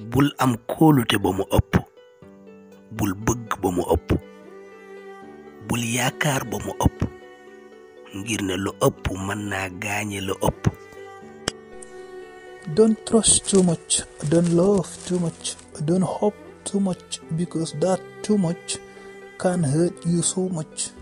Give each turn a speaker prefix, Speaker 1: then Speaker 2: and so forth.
Speaker 1: bul am kóolute ba
Speaker 2: mu ëpp bul bëgg ba mu ëpp bul yaakaar ba mu ëpp ngir ne lu ëpp mën naa gaañe lu ëpp
Speaker 3: don't trust too much don't love too much don't hope too much because that too much can hurt you so much